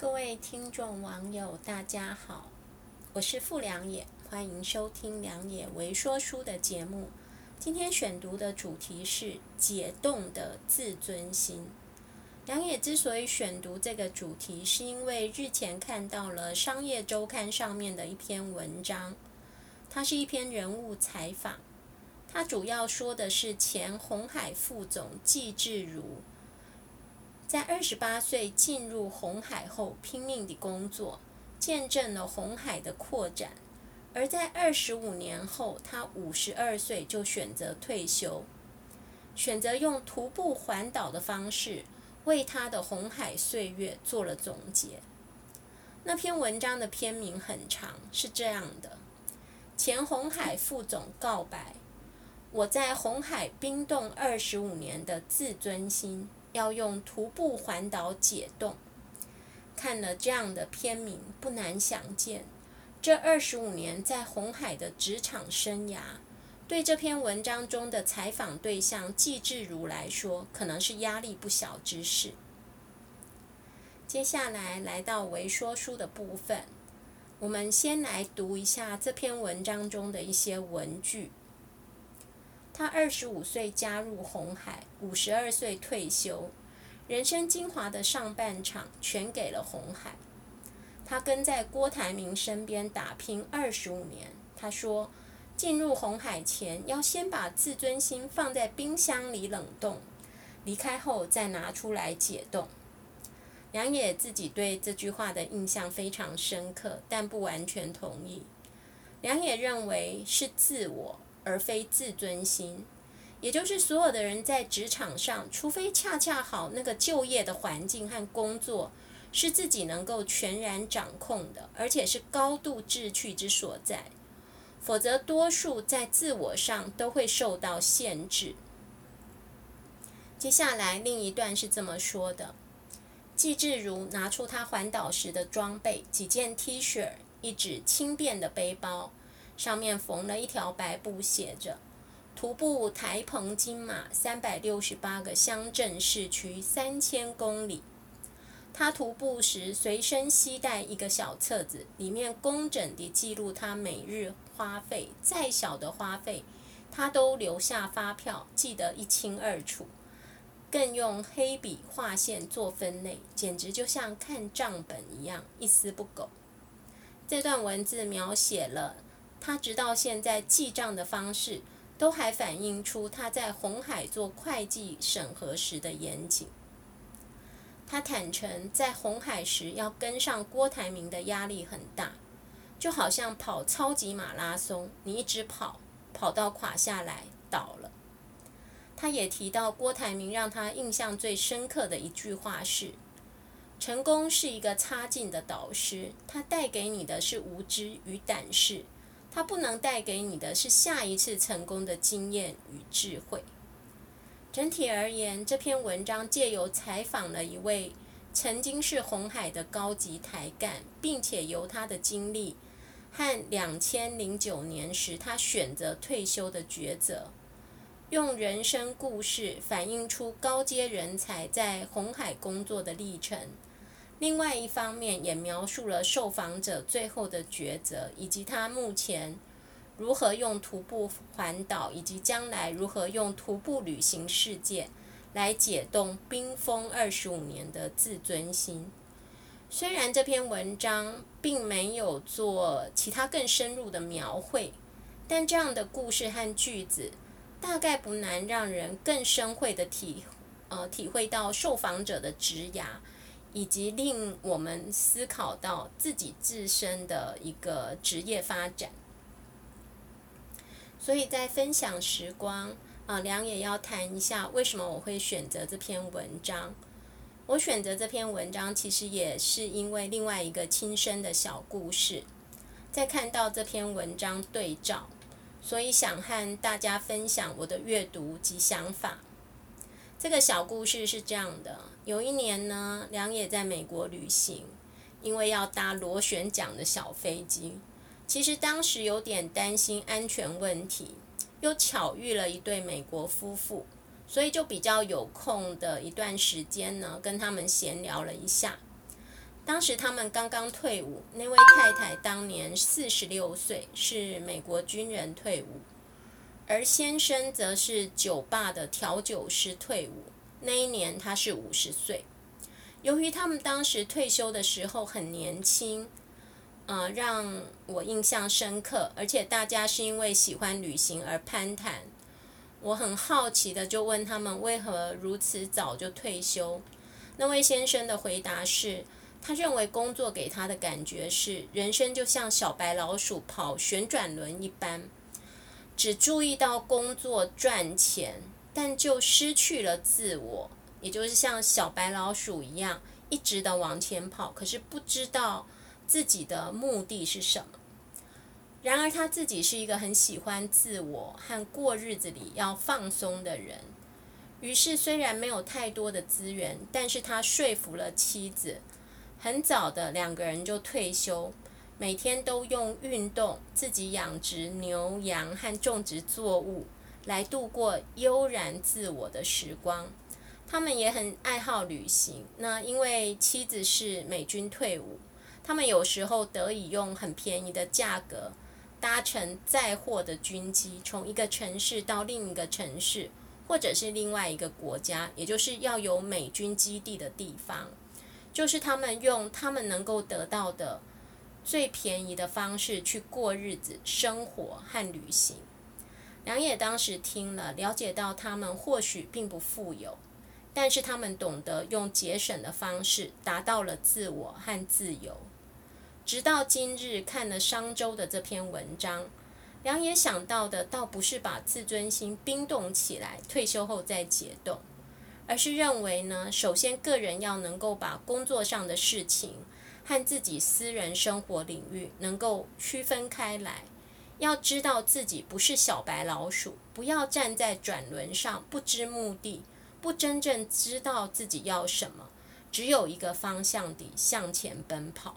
各位聽眾網友，大家好，我是傅良也，歡迎收聽《良也微說書》的節目。今天選讀的主題是“解凍的自尊心”。良也之所以選讀這個主題，是因為日前看到了《商業周刊》上面的一篇文章，它是一篇人物採訪，它主要說的是前鴻海副總紀志儒。在二十八歲進入鴻海後，拼命的工作，見證了鴻海的擴展。而在二十五年後，他五十二歲就選擇退休，選擇用徒步環島的方式為他的鴻海歲月做了總結。那篇文章的篇名很長，是這樣的：前鴻海副總告白，我在鴻海冰凍二十五年的自尊心。要用徒步環島解凍。看了這樣的篇名，不難想見，這二十五年在鴻海的職場生涯，對這篇文章中的採訪對象紀志儒來說，可能是壓力不小之事。接下來來到微說書的部分，我們先來讀一下這篇文章中的一些文句。他二十八歲加入鴻海，五十二歲退休，人生精華的上半場全給了鴻海。他跟在郭台銘身邊打拼二十五年。他說，進入鴻海前要先把自尊心放在冰箱裡冷凍，離開後再拿出來解凍。良也自己對這句話的印象非常深刻，但不完全同意。良也認為是自我。而非自尊心，也就是所有的人在職場上，除非恰恰好那個就業的環境和工作是自己能夠全然掌控的，而且是高度志趣之所在，否則多數在自我上都會受到限制。接下來另一段是這麼說的：紀志儒拿出他環島時的裝備，幾件 T 恤，一隻輕便的背包。上面縫了一條白布，寫着“徒步台澎金馬三百六十八個鄉鎮市區三千公里”。他徒步時隨身攜帶一個小冊子，裡面工整地記錄他每日花費，再小的花費他都留下發票，記得一清二楚。更用黑筆畫線做分類，簡直就像看賬本一樣，一絲不苟。這段文字描寫了。他直到現在記賬的方式，都還反映出他在鴻海做會計審核時的嚴謹。他坦承，在鴻海時要跟上郭台銘的壓力很大，就好像跑超級馬拉松，你一直跑，跑到垮下來倒了。他也提到郭台銘讓他印象最深刻的一句話是：“成功是一個差勁的導師，他帶給你的是無知與膽識。”他不能帶給你的是下一次成功的經驗與智慧。整體而言，這篇文章藉由採訪了一位曾經是鴻海的高級台幹，並且由他的經歷和兩千零九年時他選擇退休的抉擇，用人生故事反映出高階人才在鴻海工作的歷程。另外一方面，也描述了受訪者最後的抉擇，以及他目前如何用徒步環島，以及將來如何用徒步旅行世界，來解凍冰封二十五年的自尊心。雖然這篇文章並沒有做其他更深入的描繪，但這樣的故事和句子，大概不難讓人更深會的體，呃，體會到受訪者的職涯。以及令我們思考到自己自身的一個職業發展，所以在分享時光啊，良、呃、也要談一下為什麼我會選擇這篇文章。我選擇這篇文章，其實也是因為另外一個親身的小故事，再看到這篇文章對照，所以想和大家分享我的閱讀及想法。這個小故事是這樣的：有一年呢，良也在美國旅行，因為要搭螺旋槳的小飛機，其實當時有點擔心安全問題，又巧遇了一對美國夫婦，所以就比較有空的一段時間呢，跟他們閒聊了一下。當時他們剛剛退伍，那位太太當年四十六歲，是美國軍人退伍。而先生則是酒吧的調酒師，退伍那一年他是五十歲。由於他們當時退休的時候很年輕，呃，讓我印象深刻。而且大家是因為喜歡旅行而攀談。我很好奇的就問他們為何如此早就退休。那位先生的回答是，他認為工作給他的感覺是人生就像小白老鼠跑旋轉輪一般。只注意到工作、賺錢，但就失去了自我，也就是像小白老鼠一樣，一直的往前跑，可是不知道自己的目的是什麼。然而他自己是一個很喜歡自我和過日子裡要放鬆的人，於是雖然沒有太多的資源，但是他說服了妻子，很早的兩個人就退休。每天都用運動、自己養殖牛羊和種植作物來度過悠然自我的時光。他們也很愛好旅行，那因為妻子是美軍退伍，他們有時候得以用很便宜的價格搭乘載貨的軍機，從一個城市到另一個城市，或者是另外一個國家，也就是要有美軍基地的地方，就是他們用他們能夠得到的。最便宜的方式去過日子、生活和旅行。良也當時聽了，了解到他們或許並不富有，但是他們懂得用節省的方式達到了自我和自由。直到今日看了商周的這篇文章，良也想到的倒不是把自尊心冰凍起來，退休後再解凍，而是認為呢，首先個人要能夠把工作上的事情，和自己私人生活領域能夠區分開來，要知道自己不是小白老鼠，不要站在轉輪上不知目的，不真正知道自己要什麼，只有一個方向地向前奔跑。